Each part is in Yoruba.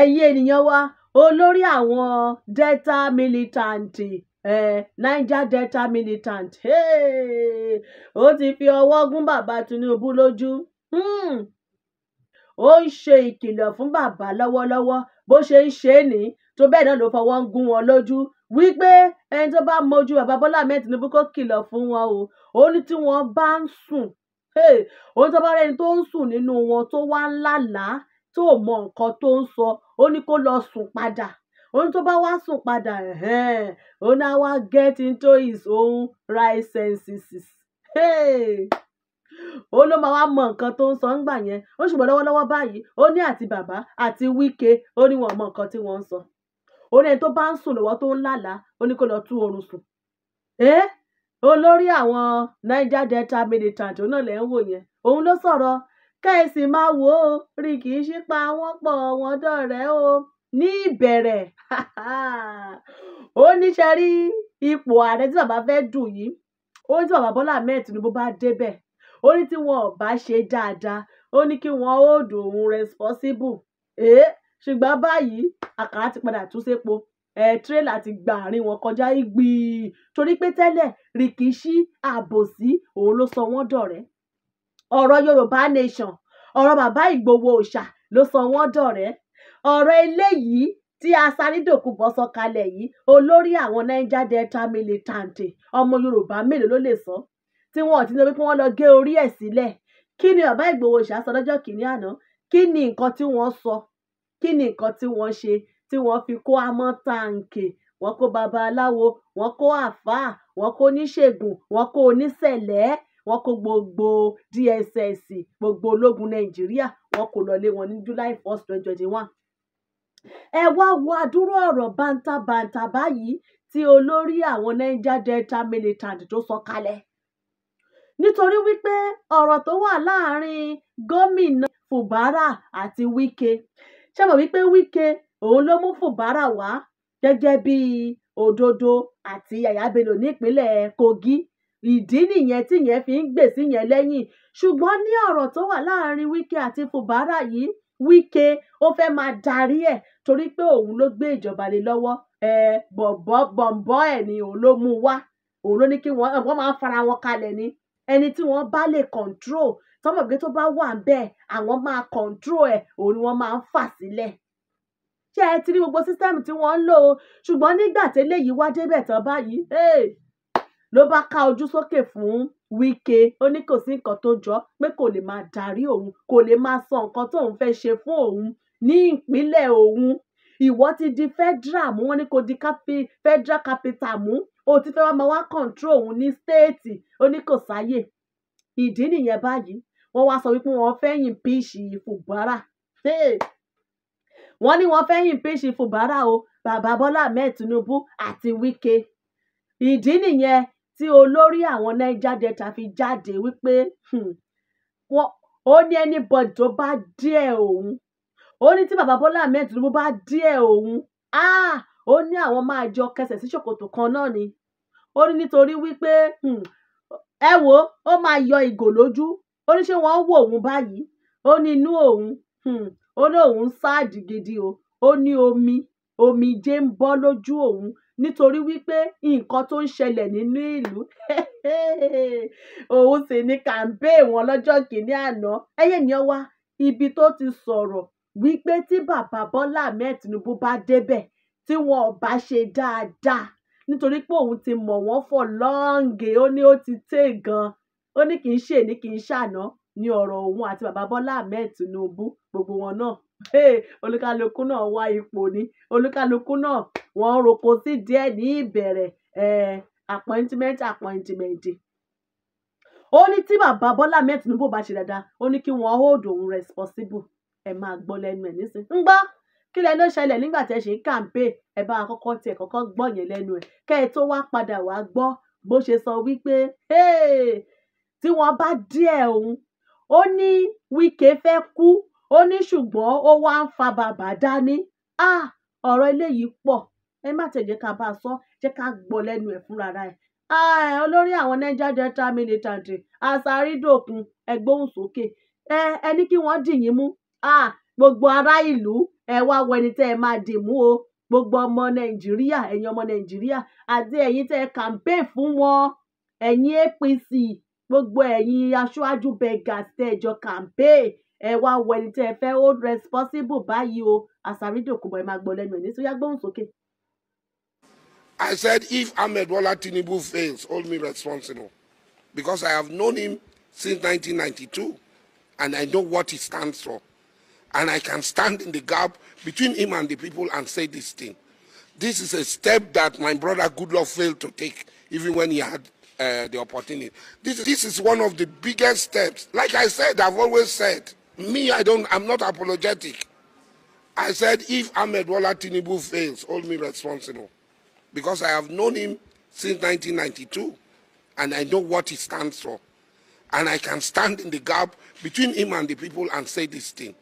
ẹ̀yin ènìyàn wa olórí àwọn delta militant eh, niger delta militant hey! ó ti fi ọwọ́ gún bàbá tinubu lójú hmm. ó ń ṣe ìkìlọ̀ fún bàbá lọ́wọ́lọ́wọ́ bó ṣe ń ṣe é nìí tó bẹ́ẹ̀ náà ló fọwọ́ ń gún wọn lójú wípé ẹni tó bá mojú bàbá Bọ́lá Ahmed Tinubu kó kìlọ̀ fún wọn o ó ní tí wọ́n bá ń sùn ó ní tó bá rẹni tó ń sùn nínú wọn tó wá ń lálàá tó mọ nǹkan tó ń sọ ó ní kó lọ sùn padà òun tó bá wá sùn padà òun náà wá get into his own right senses ó ló máa wá mọ nǹkan tó ń sọ ńgbà yẹn ó ṣùgbọ́n lọ́wọ́lọ́wọ́ báyìí ó ní àti bàbá àti wíkẹ ó ní wọn mọ nǹkan tí wọ́n ń sọ ó ní ẹni tó bá ń sùn lọ́wọ́ tó ń lálàá ó ní kó lọ tú oorun sùn olórí àwọn Niger Delta militant òun náà lè ń wò yẹn òun ló sọ̀rọ̀ kẹ́sì máa wò ó rí kì í ṣípa wọ́n pọ̀ wọ́n dọ̀rẹ́ o ní ìbẹ̀rẹ̀ ó níṣẹ́ rí ipò ààrẹ tí bàbá fẹ́ dùn yìí ó ní tí bàbá Bọ́lá Ahmed Tinubu bá débẹ̀ ó ní tí wọn ò bá ṣe dáadáa ó ní kí wọn ó dòun responsible èé ṣùgbọ́n báyìí àkàrà ti padà tún sépo ẹ tírélà ti gba àárín wọn kọjá ìgbìí torí pé tẹ́lẹ̀ rìkíṣí àbòsí òun ló sọ wọ́n dọ̀rẹ́ ọ̀rọ̀ Yorùbá nation ọ̀rọ̀ bàbá Ìgbòho òòṣà ló sọ wọ́n dọ̀rẹ́ ọ̀rọ̀ eléyìí tí Aṣàrídòkúbọ̀ sọ kalẹ̀ yìí olórí àwọn Niger Delta militant ọmọ Yorùbá mélòó ló lè sọ tí wọn ò ti lọ wípé wọn lọ gé orí ẹ̀ sílẹ̀ kí ni bàbá Ìgbòho òòṣà sọ lọ́jọ́ kìíní àná kí ni nǹkan tí wọ́n sọ kí ni nǹkan tí wọ́n ṣe tí wọ́n fi kó amọ́ tàǹkì wọ́n kó babaláwo wọ́n kó àfáà wọ́n kó oníṣègùn wọ́n kó oníṣẹ̀lẹ̀ wọ́n kó gbogbo DSS gbogbo ológun Nàìjíríà wọ́n kó lọlé wọn ní July first twenty twenty one ẹ wá wo àdúrò ọ̀rọ̀ bàǹtàbàǹtà báyìí tí olórí àwọn Niger Delta militant tó sọ kalẹ̀ nítorí wípé ọ̀rọ̀ tó wà láàrin gómìnà Fubara àti Wike ṣé mọ̀ wípé Wike òun ló mú Fubara wá gẹ́gẹ́ bí òdodo àti Yaya Bello nípínlẹ̀ Kogi ìdí nìyẹn tí yẹn fi ń gbèsè yẹn lẹ́yìn ṣùgbọ́n ní ọ̀rọ̀ tó wà láàrin Wike àti Fubara yìí Wike ó fẹ́ máa darí ẹ̀ torí pé òun ló gbé ìjọba lé lọ́wọ́ ẹ bọ̀bọ̀ bọ̀m̀bọ̀ ẹ̀ ni òun ló mú wá òun ló ní kí wọ́n wọ́n máa fara wọn kalẹ̀ ni ẹni tí wọ́n bá lè control tọ́mọ̀ pé tó bá wà bẹ́ẹ̀ àwọn máa control ẹ̀ òun ni wọ́n máa ń fà sílẹ̀ ṣé ẹ ti rí gbogbo sísẹ́mù tí wọ́n ń lò ó ṣùgbọ́n nígbà tẹ́lẹ̀ yìí wá débẹ̀ tán báyìí ló bá ká ojú sókè fún Wike ó ní kò sí nǹkan tó jọ pé kò lè máa darí òun kò lè máa sọ nǹkan tóun fẹ́ ṣe fún òun ní ìpínlẹ̀ òun ìwọ ti di federal mú wọn ní kò di capi, federal capital mú o ti fẹ́ wá máa wá control òun ní stéètì ó ní kò sáyè ìdí nìyẹn báyìí wọ́n wá sọ wípé wọ́n fẹ́ yìn píìsì Fubara wọ́n ní wọ́n fẹ́ yìn píìsì Fubara o bàbá Bọ́lá Ahmed Tinubu àti Wike ìdí nìyẹn tí olórí àwọn niger delta fi jáde wípé hmm, ó ní anybody tó bá díẹ̀ òun ó ní tí bàbá bọ́lá ahmed tinubu bá díẹ̀ òun ah! ó ní àwọn máa jọ kẹsẹ̀ sí ṣòkòtò kan náà ni ó ní nítorí wípé hmm, ẹ wo ó máa yọ ìgò lójú ó ní ṣé wọ́n ń wò òun báyìí ó ní inú òun hmm, ó ní òun ṣáàdì gidi o ó ní omi omijé ń bọ́ lójú òun nítorí wípé nǹkan tó ń ṣẹlẹ̀ nínú ìlú òun sì ni campaign wọn lọ́jọ́ kìíní àná ẹyẹ ni ọ wá ibi tó ti sọ̀rọ̀ wípé tí bàbá Bọ́lá Ahmed Tinubu bá débẹ̀ tí wọn ò bá ṣe dáadáa nítorí pé òun ti mọ̀ wọ́n fọ̀ lọ́ǹgì ó ní ó ti tẹ̀ gan-an ó ní kì í ṣe ní kì í ṣàná ní ọ̀rọ̀ òun àti bàbá Bọ́lá Ahmed Tinubu gbogbo wọn náà olúkálukú náà wá ipò ní olúkálukú náà wọ́n roko sí díẹ̀ ní ìbẹ̀rẹ̀ eh, appointment appointment ó ní tí bàbá Bọ́lá Ahmed Tinubu bá ṣe dáadáa ó ní kí wọ́n hold òun responsible ẹ máa gbọ́ lẹ́nu ẹ̀ nísìn ń gbọ́ kí lẹ ló ṣẹlẹ̀ nígbà tẹ́ ṣe ń kàǹpé ẹ bá kọ́kọ́ tiẹ̀ kọ́kọ́ gbọ́ yẹn lẹ́nu ẹ̀ kẹ́ ẹ tó wá padà wá gbọ́ bó ṣe sọ wípé tí wọ́n bá díẹ̀ òun ó ní Wike fẹ́ kú ó ní ṣùgbọ́n ó wá ń fa bàbá dání ah! ọ̀rọ̀ eléyìí pọ̀ ẹ má tẹ̀ jẹ́ ká bá a sọ jẹ́ ká gbọ́ lẹ́nu ẹ̀ fúnra rẹ̀ olórí àwọn Niger Delta militant Asaridogun ẹgbóhùn sókè ẹ ẹ ní kí wọ́n dì yín mú gbogbo ará ìlú ẹ wá wọ ẹni tẹ́ ẹ máa dì mú o gbogbo ọmọ Nàìjíríà ẹ̀yin ọmọ Nàìjíríà àti ẹ̀yin tẹ́ ẹ campaign fún wọn ẹ̀yin APC gbogbo ẹ̀yin aṣáájú beggars tẹ́ ẹ jọ campaign ẹ wá wọ ẹni tẹ́ ẹ fẹ́ hold responsible báyìí o Asaridogun ẹ máa gbọ́ lẹ́nu ẹ̀ ní sóyá sókè. I said, if Ahmed Wala Tinibu fails, hold me responsible. Because I have known him since 1992, and I know what he stands for. And I can stand in the gap between him and the people and say this thing. This is a step that my brother Goodluck failed to take, even when he had uh, the opportunity. This, this is one of the biggest steps. Like I said, I've always said, me, I don't, I'm not apologetic. I said, if Ahmed Wala Tinibu fails, hold me responsible. because I have known him since 1992 and I know what he stands for. And I can stand in the gap between him and the people and say this thing.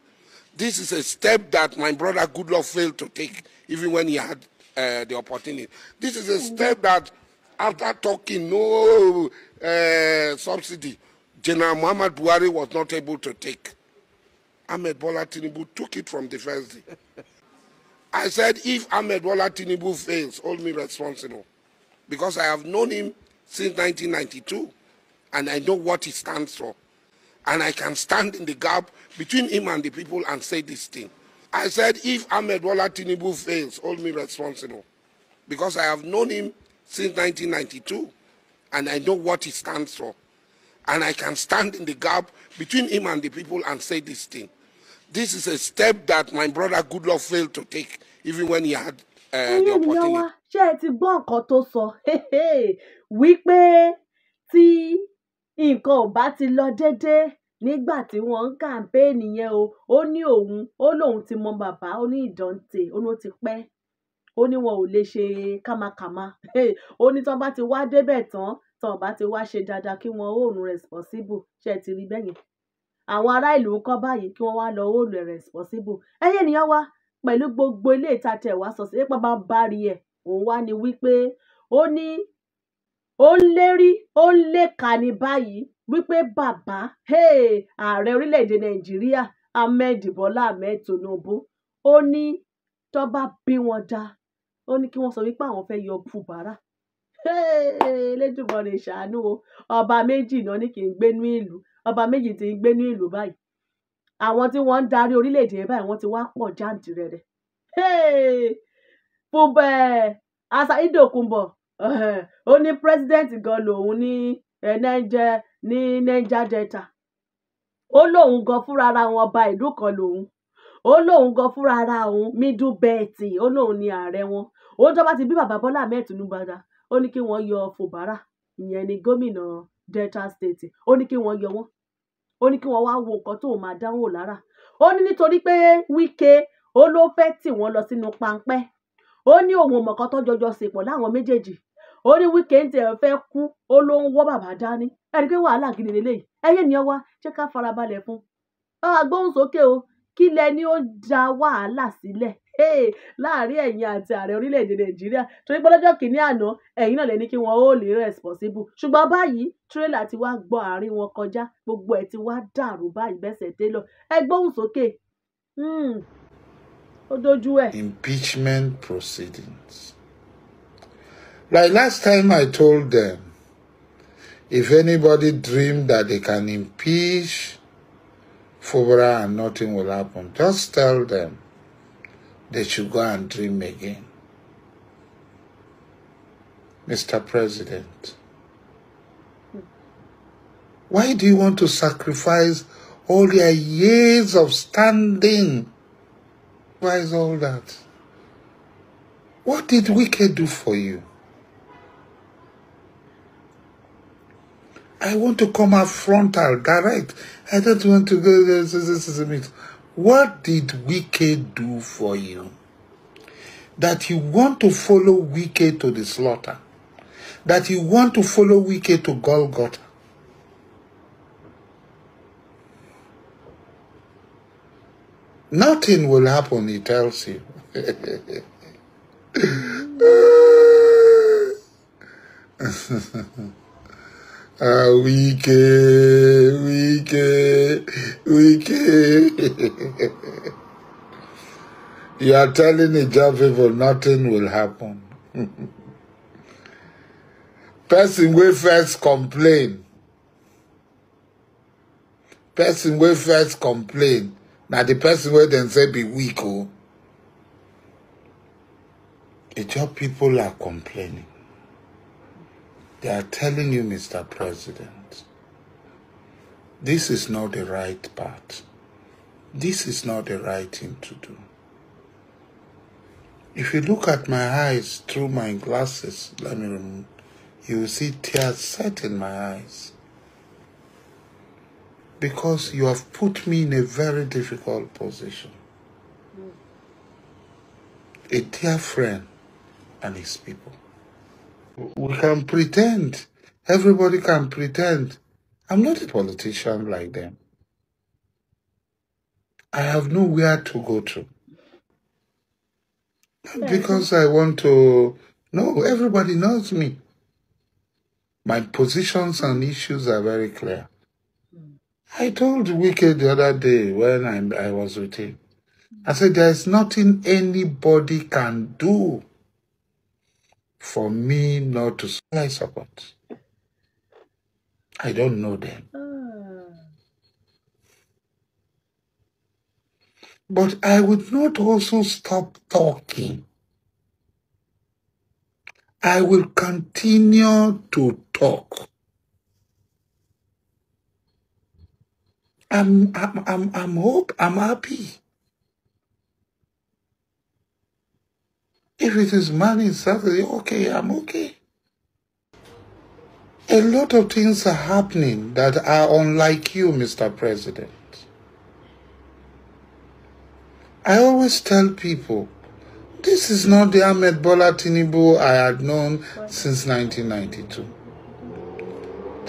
This is a step that my brother Goodluck failed to take, even when he had uh, the opportunity. This is a step that, after talking no uh, subsidy, General Muhammad Buhari was not able to take. Ahmed Bola Tinubu took it from the first day. I said, if Ahmed Wala Tinibu fails, hold me responsible. Because I have known him since 1992, and I know what he stands for. And I can stand in the gap between him and the people and say this thing. I said, if Ahmed Wala Tinibu fails, hold me responsible. Because I have known him since 1992, and I know what he stands for. And I can stand in the gap between him and the people and say this thing. This is a step that my brother Goodluck failed to take even when he had uh, the opportunity. ṣé ẹ ti gbọ́ nǹkan tó sọ wípé tí nǹkan ò bá ti lọ déédéé nígbà tí wọ́n ń kàmpéènì yẹn o ó ní òun ó lóun ti mọ bàbá ó ní ìdánte ó ló ti pẹ́ ó ní wọn ò lè ṣe kàmàkàmà ó ní tán bá ti wá débẹ̀ tán tán bá ti wá ṣe dáadáa kí wọ́n own responsible ṣe ti rí bẹ́yẹn àwọn ará ìlú ń kọ́ báyìí kí wọ́n wá lọ hold responsible ẹ̀yin ènìyàn wa pẹ̀lú gbogbo ilé ìtajà ẹ̀wà sọ̀sẹ̀ nípa bá ń bá rí ẹ̀ òun wá ni wípé ó ní ó ń lérí ó ń léka ní báyìí wípé bàbá ààrẹ orílẹ̀-èdè nàìjíríà ahmed bọ́lá ahmed tinubu ó ní tó bá bí wọn dá ó ní kí wọ́n sọ wípé àwọn fẹ́ yọ bùbárà lẹ́dùnmọ́ ni ṣàánú o ọba méjì náà ní kí n gbénú ìlú ọba méjì ti ń gbé ní ìlú báyìí àwọn tí wọ́n ń darí orílẹ̀-èdè yẹn báyìí wọ́n ti wá pọ̀ jàǹtìrẹrẹ fúnbẹ Asari Dokubo ó ní pírẹsidẹ́ǹtì gan lòun ní Niger ní Niger Delta ó lóun gan fúnra ara wọn ọba ìlú kan lòun ó lóun gan fúnra ara òun middle belt ó lóun ní ààrẹ wọn ó tó ti bí bàbá Bọ́lá Ahmed Tinubu ó ní kí wọ́n yọ Fubara ìyẹn ni gómìnà Delta State ó ní kí wọ́n yọ wọ́n ó ní kí wọ́n wá wo nǹkan tó máa dánwò lára ó ní nítorí pé Wike ó ló fẹ́ tì wọ́n lọ sínú páńpẹ́ ó ní òun mọ̀kàn tó jọjọ ṣèpọ̀ láwọn méjèèjì ó ní Wike ń tẹ̀ fẹ́ kú ó ló ń wọ́ bàbá dání ẹni pé wàhálà gidi lélẹ́yìí ẹyẹ ni ọ wá jẹ́ ká farabalẹ̀ fún un agbóhùnsókè o kí lẹni ó da wàhálà sílẹ̀ láàrin ẹ̀yin àti ààrẹ orílẹ̀ nàìjíríà torí pé kìíní àná ẹ̀yin náà lẹni kí wọ́n ó lè responsible ṣùgbọ́n báyìí tírélà ti wá gbọ́ àárín wọn kọjá gbogbo ẹ̀ ti wá dàrú báyìí bẹ́sẹ̀ délọ̀ ẹ gbóhùn sókè hmm, ó dojú ẹ̀. impeachment proceedings like last time I told them if anybody dream that they can impeach. Fubra and nothing will happen. Just tell them they should go and dream again. Mr. President, why do you want to sacrifice all your years of standing? Why is all that? What did wicked do for you? I want to come out frontal, direct. I don't want to go. This, this, this, what did Wike do for you? That you want to follow Wike to the slaughter. That you want to follow Wike to Golgotha. Nothing will happen, he tells you. Ah, Wike, Wike, Wike. you are telling job people nothing will happen. Person will first complain. Person will first complain. Now the person will then say be weak. Oh. It's your people are complaining. They are telling you, Mr. President, this is not the right path. This is not the right thing to do. If you look at my eyes through my glasses, let me remove, you will see tears set in my eyes. Because you have put me in a very difficult position. A dear friend and his people we can pretend. Everybody can pretend. I'm not a politician like them. I have nowhere to go to. Not because I want to. No, everybody knows me. My positions and issues are very clear. Hmm. I told Wiki the other day when I, I was with him, I said, There is nothing anybody can do for me not to slice support. I don't know them. But I would not also stop talking. I will continue to talk. I'm, I'm, I'm, I'm hope, I'm happy. If it is money, Saturday, okay, I'm okay. A lot of things are happening that are unlike you, Mr. President. I always tell people, this is not the Ahmed Bola Tinubu I had known since 1992.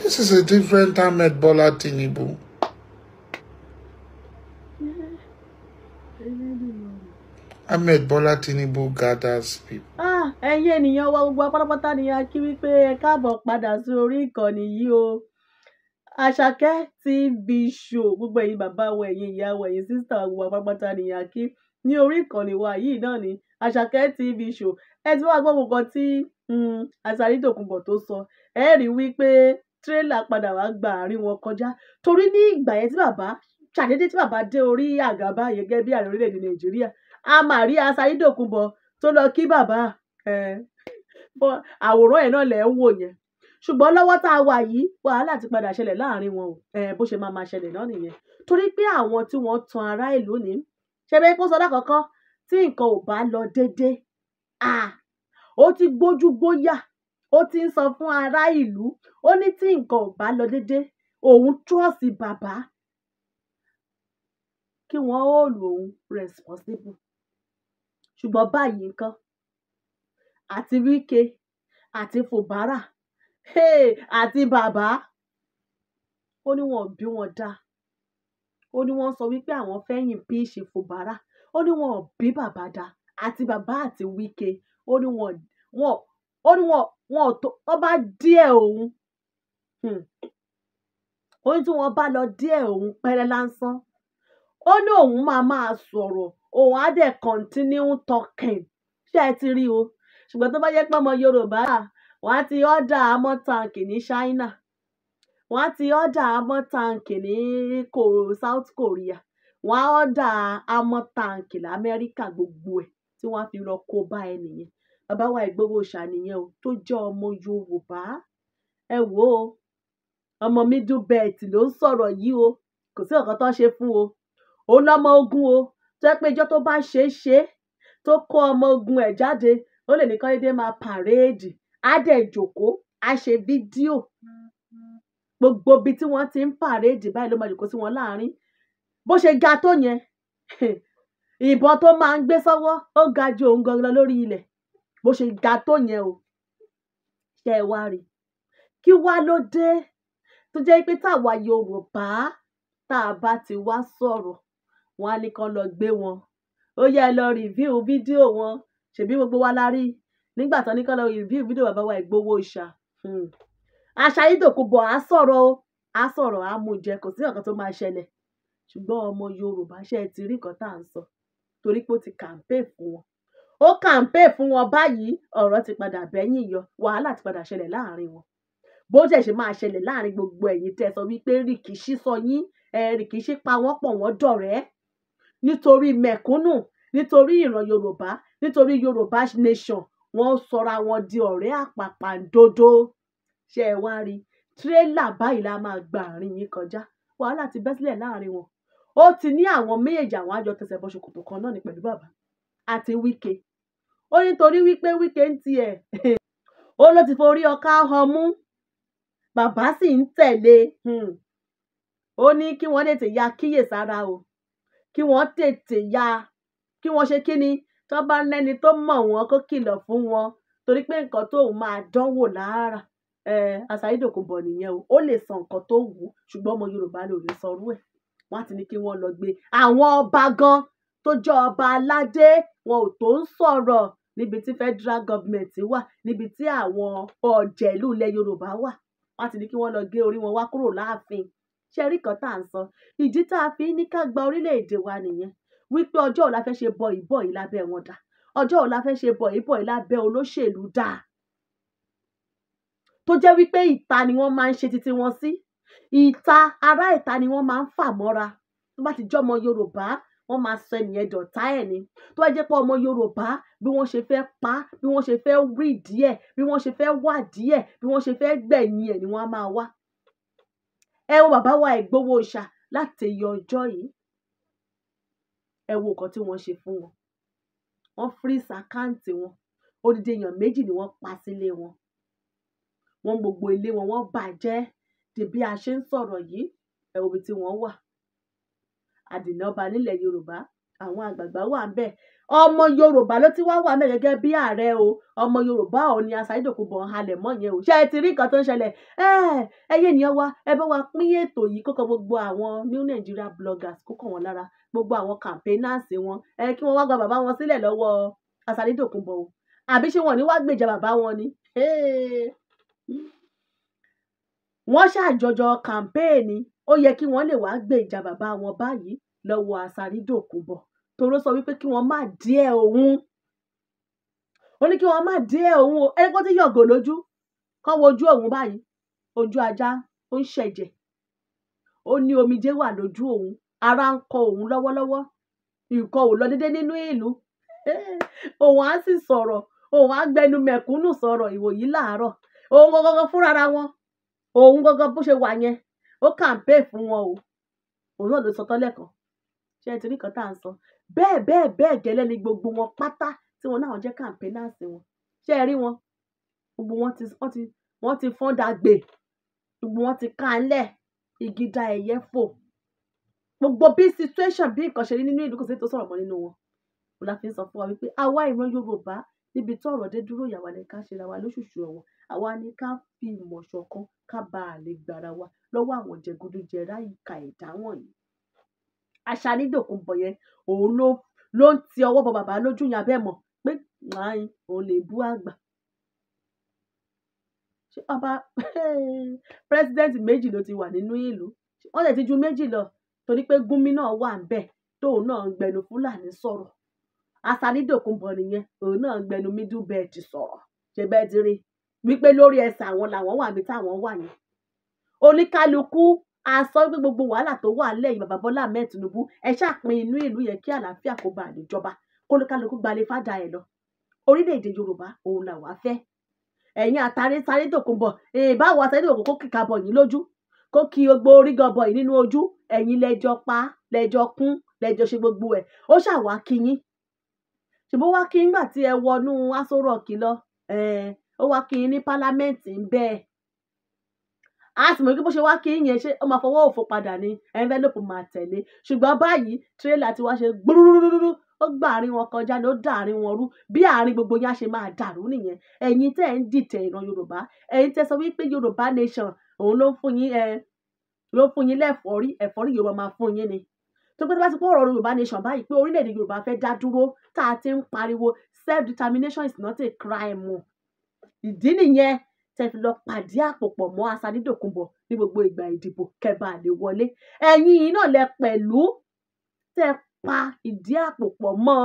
This is a different Ahmed Bola Tinubu. Ahmed Bola Tinubu gathers people. Ah, ẹ̀yin ènìyàn wa gbogbo apátápátá ni a kí wípé ẹ káàbọ̀ padà sí orí ìkànnì yìí o. Àṣàkẹ́ TV show gbogbo ẹ̀yin bàbá wa ẹ̀yin ìyá wa ẹ̀yin sísítà wa gbogbo ni a kí ní orí ìkànnì wa yìí náà ni Àṣàkẹ́ TV show. Ẹ ti wá gbọ́ gbogbo tí hmm, Àṣàrí Dòkunbọ̀ tó sọ. Ẹ rí wípé tírélà padà wá gba àárín wọn kọjá torí ní ìgbà yẹn tí bàbá ṣàdédé tí bàbá dé orí àgàbá yẹn gẹ́gẹ́ bí ààrẹ orílẹ̀-èdè Nàìjíríà Amaria Sarídòkunbọ̀ tó lọ kí bàbá àwòrán ẹ̀ náà lẹ̀ ń wò yẹn ṣùgbọ́n lọ́wọ́ tá a wà yìí wàhálà ti padà ṣẹlẹ̀ láàrin wọn o bó ṣe máa máa ṣẹlẹ̀ náà nìyẹn torí pé àwọn tí wọ́n tan ará ìlú ní ṣẹbẹ́ kó sọ lákọ̀ọ́kọ́ tí nǹkan ò bá lọ dédé ó ti gbójú gbóyà ó ti ń sọ fún ará ìlú ó ní tí nǹkan ò bá lọ dédé òun trọ́ọ̀sì bàbá kí wọ́n ó lò ó responsible ṣùgbọ́n báyìí nǹkan àti wíkẹ àti fòbárà hey, àti bàbá ó ní wọn bí wọn dá ó ní wọn sọ wípé àwọn fẹ́yìn bí ṣe fòbárà ó ní wọn bí bàbá dá àti bàbá àti wíkẹ ó ní wọn wọn ó ní wọn wọn tó bá díẹ̀ òun hmm. ó ní tí wọn bá lọ díẹ̀ òun pẹrẹ lásán ó ní òun máa máa sọ̀rọ̀ òun á dẹ̀ continue talking ṣé ẹ ti rí o ṣùgbọ́n tó bá jẹ́ pé ọmọ Yorùbá wọ́n á ti ọ́dà amọ́ táǹkì ní China wọ́n á ti ọ́dà amọ́ táǹkì ní South Korea wọ́n á ọ́dà amọ́ táǹkì lamẹ́ríkà gbogbo ẹ̀ tí wọ́n á fi lọ kó bá ẹ nìyẹn bàbá wa Ìgbòho ṣàníyàn o tó jẹ́ ọmọ Yorùbá ẹ wò ó ọmọ middle belt ló ń sọ̀rọ̀ yìí o kò sí ọ̀kan tó ń ṣe fún o òun lọ́mọ ogun o tó jẹ́ pé ìjọ́ tó bá ṣe é ṣe tó kó ọmọ ogun ẹ̀ jáde ó lè ní kán dédé máa pàréèdì á dẹ̀ jòkó á ṣe fídíò gbogbo ibi tí wọ́n ti ń pàréèdì báyìí ló máa jòkó sí wọn láàrin bó ṣe ga tó yẹn ìbọn tó máa ń gbé sọ́wọ́ ó ga ju òun gan lọ lórí ilẹ̀ bó ṣe ga tó yẹn o ṣe é wá rí kí wá ló dé tó jẹ́ pé táwa Yorùbá tá a bá ti wá sọ̀rọ̀ wọn á ní kán lọ gbé wọn ó yá ẹ lọ rìvíw fídíò wọn ṣèbí gbogbo wa la rí nígbà tán ní kán lọ rìvíw fídíò bàbá wa Ìgbòho Òòṣà hmm. àṣà yìí dòkú bọ̀ á sọ̀rọ̀ o á sọ̀rọ̀ á mú jẹ kò sí nǹkan tó máa ṣẹlẹ̀ ṣùgbọ́n ọmọ Yorùbá ṣe é ti rí nǹkan tá à ń sọ torí pé ó ti kàǹpé fún wọn ó kàǹpé fún wọn báyìí ọ̀rọ̀ ti padà bẹ́yìn yọ wàhálà ti padà ṣẹlẹ̀ láàrin wọn bó jẹ́ ṣe máa ṣẹlẹ̀ láàrin gbogbo ẹ̀yin tẹ́ sọ wípé rìkìṣí sọ yín rìkìṣí pa wọ́n pọ̀ wọ́n dọ̀rẹ́ nítorí mẹ̀kúnnù nítorí ìran yorùbá nítorí yorùbá nation wọ́n sọra wọn di ọ̀rẹ́ àpàpàǹdodo ṣe ẹ wá rí tírélà báyìí la máa gba àárín yín kọjá wàhálà ti bẹ́ sílẹ̀ láàrin wọn ó ti ní àwọn méjèèjì àwọn àjọ tẹsẹ̀ bọ́ ṣòkòtò kan náà ní pẹ̀lú bàbá àti wíkẹ́ ó nítorí wípé wíkẹ́ ń tiẹ̀ ó ló ti forí ọká ọmú bàbá sì ń tẹ̀lé hmm. ó ní kí wọ́n lè tè ya kíyèsára o kí wọ́n tètè ya kí wọ́n ṣe kí ni tó bá lẹ́ni tó mọ̀ wọ́n kó kìlọ̀ fún wọn torí pé nǹkan tó máa dánwò lára àṣàyédò kò bọ̀ nìyẹn o ó lè sọ nǹkan tó wù ú ṣùgbọ́n ọmọ Yorùbá ló lè sọrú ẹ̀ wọ́n á ti ní kí wọ́n lọ gbé àwọn ọba gan tó jẹ́ ọba aládé wọn ò tó ń sọ̀rọ̀ níbi tí federal government wà níbi tí àwọn ọ̀jẹ̀lú ilẹ̀ Yorùbá wà wọ́n á ti ní kí wọ́n lọ gé orí wọn wá kúrò láàfin ṣe rí nǹkan tá à ń sọ ìdí tá a fi ní ká gba orílẹ̀-èdè wa nìyẹn wípé ọjọ́ ọ̀la fẹ́ ṣe bọ̀yì bọ̀yì lábẹ́ wọn dá ọjọ́ ọ̀la fẹ́ ṣe bọ̀yì bọ̀yì lábẹ́ olóṣèlú dá tó jẹ́ wípé ìta ni wọ́n máa ń ṣe titi wọn sí ìta ará ìta ni wọ́n máa ń fà mọ́ra tó bá ti jọmọ Yorùbá wọ́n máa sọ ẹnìyẹn dọ̀tá ẹ̀ ni tó bá jẹ́ pé ọmọ Yorùbá bí wọ́n ṣe fẹ́ pa bí wọ́n ṣe fẹ́ rí díẹ̀ bí wọ́n ṣe fẹ́ wà díẹ̀ bí wọ́n ṣe fẹ́ gbẹ̀yìn ẹ̀ ni wọ́n á máa wá ẹ wo bàbá wa Ìgbòho Òòṣà láti iye ọjọ́ yìí ẹ wo nǹkan tí wọ́n ṣe fún wọn wọ́n freeze àkáǹtì wọn odidi èèyàn méjì ni wọ́n pa sílé wọn wọ́n gbogbo ilé wọn wọ́n bàjẹ́ di bí a ṣe ń sọ̀rọ̀ yìí ẹ wo ibi tí wọ́n wà àdìná ọba nílẹ̀ Yorùbá àwọn àgbààgbà wà ń bẹ̀ ọmọ yorùbá ló ti wá wà mẹ́ gẹ́gẹ́ bí ààrẹ o ọmọ yorùbá ò ní aṣáájòkó bọ̀ halẹ̀ mọ́ yẹn o ṣé ẹ ti rí nǹkan tó ń ṣẹlẹ̀ ẹ ẹyẹ ènìyàn wa ẹ bá wa pín ètò yìí kókó gbogbo àwọn new nigeria bloggers kókó wọn lára gbogbo àwọn campaigners wọn ẹ kí wọ́n wá gba bàbá wọn sílẹ̀ lọ́wọ́ aṣáájòkó bọ̀ o àbí ṣé wọn ò ní wá gbèjà bàbá wọn ni wọ́n ṣàjọjọ kàmpéènì ó yẹ kí wọ́n lè wá gbèjà bàbá wọn báyìí lọ́wọ́ aṣáájòkó bọ̀ torí ó sọ wípé kí wọ́n má dí ẹ̀ òun ó ní kí wọ́n má dí ẹ̀ òun o ẹni kó ti yọ̀gò lójú kán wo ojú òun báyìí ojú ajá ó ń ṣẹ̀jẹ̀ ó ní omijé wà lójú òun ara ń kọ òun lọ́wọ́lọ́wọ́ nǹkan ò lọ déédé nínú ìlú òun á sì sọ̀rọ̀ òun á gbẹnu mẹ̀kúnnù sọ̀rọ̀ ìwòyí làárọ̀ òun gangan fúnra wọn òun gangan bó ṣe wà yẹn ó kàǹpé fún wọn o òun náà ló sọ tán lẹ́kọ̀ọ́ ṣé ẹ ti rí nǹkan tá à ń sọ bẹ́ẹ̀ bẹ́ẹ̀ bẹ́ẹ̀ gẹ́lẹ́ ni gbogbo wọn pátá tí wọn náà jẹ́ campaigners wọn ṣé ẹ rí wọn gbogbo wọn ti wọn ti wọn ti fọ́n dàgbè gbogbo wọn ti ká lẹ̀ igi da ẹ̀yẹ fò gbogbo bí situation bí nǹkan ṣe rí nínú ìlú kò sí tó sọ̀rọ̀ mọ́ nínú wọn kò láfi sọ fún wa wípé àwa ìran Yorùbá níbi tó ọ̀rọ̀ dé dúró ìyàwó ni ká ṣe ra wa lóṣooṣù ọ̀wọ́n àwa ni ká fi ìmọ̀ ṣọ̀kan ká bá a gbára wa lọ́wọ́ àwọn jẹgúdújẹrá ìka ẹ̀dá wọ̀nyí Aṣanídòkunbọ̀ yẹn òun ló ló ń ti ọwọ́ bọ bàbá lójú yẹn abẹ́ mọ̀ pé wàyí òun lè bú àgbà. Ṣé ọba president méjì ló ti wà nínú ìlú? Wọ́n dẹ̀ ti ju méjì lọ torí pé Gumi náà wà níbẹ̀ tóun náà ń gbẹnu Fúlàní sọ̀rọ̀. Aṣanídòkunbọ̀ nìyẹn òun náà ń gbẹnu middle belt sọ̀rọ̀. Ṣé bẹ́ẹ̀ ti rí? Wípé lórí ẹsẹ̀ àwọn làwọn wà níbi táwọn wà yẹn. Oníkálukú a sọ pé gbogbo wàhálà tó wà lẹ́yìn bàbá Bọ́lá Ahmed Tinubu ẹ ṣàpín inú ìlú yẹn kí àlàáfíà kó bá àdéjọba kólúkálukú gbalẹ̀ fàdà ẹ̀ lọ orílẹ̀-èdè Yorùbá òun làwa fẹ́ ẹ̀yin àtàrí sáré dòkun bọ̀ ìbáwo àtàrí dòkun kó kíkà bọ̀ yín lójú kó kí gbogbo orí gan bọ̀ yín nínú ojú ẹ̀yin lẹ́jọ́ pa lẹ́jọ́ kún lẹ́jọ́ ṣe gbogbo ẹ̀ ó ṣàwá kíyín ṣùgbọ́n wá kí nígbà tí ẹ wọnú aṣọ rọ̀kì lọ ó wá kí ní pálámẹ́ǹtì ń bẹ́ẹ̀ a sì mọ̀ pé bó ṣe wá kéyìn yẹn ṣé ó máa fọwọ́ òfo padà ní envelope máa tẹ̀lé ṣùgbọ́n báyìí tírélà ti wá ṣe gbúrúrúrú ó gbà àárín wọn kọjá ni ó dá àárín wọn rú bí àárín gbogbo yá ṣe máa dàrú nìyẹn ẹ̀yin tẹ́ ẹ̀ ń dìtẹ̀ ìran Yorùbá ẹ̀yin tẹ́ sọ wípé Yorùbá nation òun ló ń fún yín ẹ ló ń fún yín lẹ́fọ̀ọ́rí ẹ̀fọ́rí Yorùbá máa fún yín ni tó pé tó bá ti pọ̀ ọ̀rọ̀ Yorùbá nation báyìí pé orílẹ̀-èdè Yorùbá fẹ́ dá dúró tá a ti ń pariwo self determination is not a crime ìdí nìyẹn tẹ́ fi lọ pàdé àpòpọ̀ mọ́ aṣadídòkunbọ̀ ní gbogbo ìgbà ìdìbò kẹba lè wọlé ẹ̀yin náà lẹ pẹ̀lú tẹ́ pa ìdí àpòpọ̀ mọ́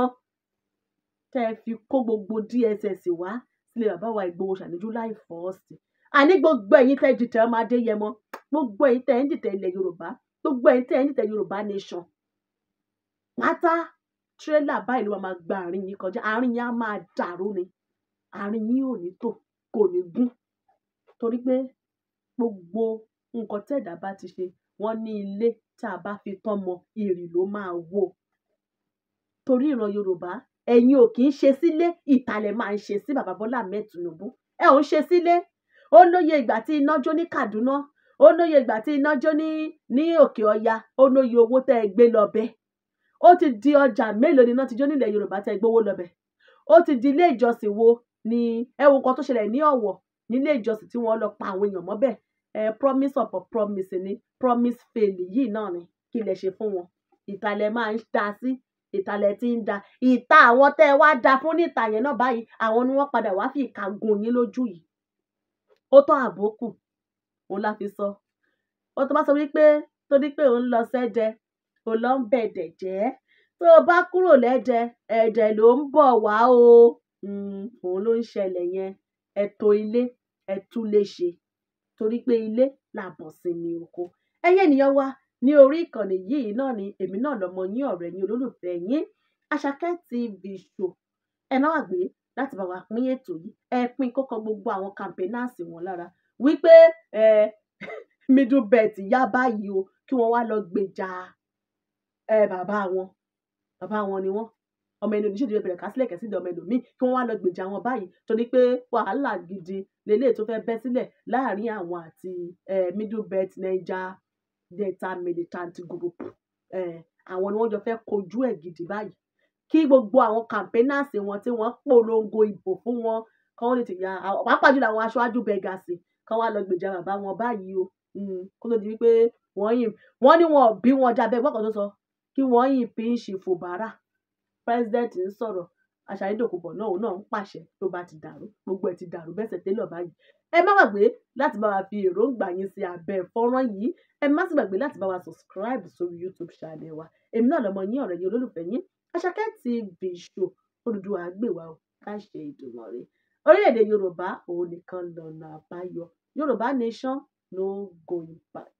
tẹ́ fi kó gbogbo DSS wá sílé bàbá wa Ìgbòho ṣàní July first àní gbogbo ẹ̀yin tẹ́ dìtẹ̀ ọmọ Adéyẹmọ gbogbo ẹ̀yin tẹ́ ń dìtẹ̀ ilẹ̀ Yorùbá gbogbo ẹ̀yin tẹ́ ń dìtẹ̀ Yorùbá nation pátá tírélà báyìí ló máa gba àárín yìí kọjá àárín yìí á máa dàrú ni àárín yìí ò ní tò kò ní gún torí pé gbogbo nǹkan tí ẹ̀dá bá ti ṣe, wọ́n ní ilé tí a bá fi tọ́mọ, ìrì ló máa wó. Torí ìran Yorùbá, ẹ̀yin ò kí ń ṣe sílé, ìta lẹ máa ń ṣe sí Bàbá Bọ́lá Ahmed Tinubu. Ẹ ò ń ṣe sílé. Ó lóye ìgbà tí iná jó ní Kaduna, ó lóye ìgbà tí iná jó ní, ní òkè ọya, ó lóye owó tí ẹ gbé lọ Ó ti di ọjà mélòó ni iná ti jó nílẹ̀ Yorùbá tí ẹ gbé owó Ó ti di ilé ìjọsìn wo ni ẹ wo nǹkan tó ṣẹlẹ̀ ní Ọ̀wọ̀ nílé ìjọsìn tí wọ́n lọ pa àwọn èèyàn mọ́ bẹ́ẹ̀ eh, promise upon promise ni promise fail yìí náà ni kí lẹ ṣe fún wọn ìtàlẹ̀ máa ń da sí ìtàlẹ̀ tí ń da ìta àwọn tẹ́ ẹ wá da fún níta yẹn náà báyìí àwọn ni wọ́n padà wá fi ìka gùn yín lójú yìí ó tán àbókù òun la sọ ó tó bá sọ wípé torí pé òun lọ sẹ́dẹ òun lọ ń bẹ̀dẹ̀ jẹ́ tó o bá kúrò lẹ́dẹ ẹ̀dẹ̀ ló ń bọ̀ wá o hmm, òun ló ń ṣẹlẹ̀ yẹn ẹ̀tọ́ ilé ẹ tún lè ṣe torí pé ilé làbọ̀ sinmi oko. Ẹ̀yin ènìyàn wa ní orí ìkànnì yìí náà ni èmi náà lọmọ yín ọ̀rẹ́ yín olólùfẹ́ yín Àṣàkẹ́ TV Show. Ẹ má gbàgbé láti bá wa pín ètò yìí. Ẹ pín kókó gbogbo àwọn campaigners wọn lára wípé ẹ middle belt yá báyìí o kí wọ́n wá lọ gbèjà ẹ bàbá wọn. Bàbá wọn ni wọ́n ọmọ ẹni oníṣẹ́ ìdílé bẹ̀rẹ̀ kásílẹ̀ kẹ́sí ìdí ọmọ ẹlòmíì kí wọ́n wá lọ gbèjà wọn báyìí torí pé wàhálà gidi lélẹ́yìí tó fẹ́ bẹ́ sílẹ̀ láàrin àwọn àti middle belt niger delta militant group àwọn ni wọ́n jọ fẹ́ kojú ẹ̀ gidi báyìí kí gbogbo àwọn campaigners wọn tí wọ́n polongo ìbò fún wọn kán lè ti ya pàápàá jùlọ àwọn aṣáájú bẹ́gà sí kán wá lọ gbèjà bàbá wọn báyìí o hmm, kó tó di wípé wọ́n yìn wọ́n ní wọn bí wọn dábẹ́ gbọ́kàn tó sọ kí wọ́n yìn pín ṣe fòbárà president ń sọ̀rọ̀ Àṣàrí Dòkùnbọ̀ náà òun náà ń pàṣẹ tó bá ti dàrú gbogbo ẹ̀ ti dàrú bẹ́sẹ̀ tẹ́lọ̀ báyìí ẹ má gbàgbé láti bá wa fi èròǹgbà yín sí abẹ́ fọ́nrán yìí ẹ má sì gbàgbé láti bá wa subscribe sórí YouTube channel wa èmi náà lọmọ yín ọ̀rẹ́ yín olólùfẹ́ yín Àṣàkẹ́ TV show Odùduwà gbè wá o ká ṣe ìdùnnú rẹ̀ orílẹ̀-èdè Yorùbá òun nìkan lọ́nà àbáyọ Yorùbá nation no going back.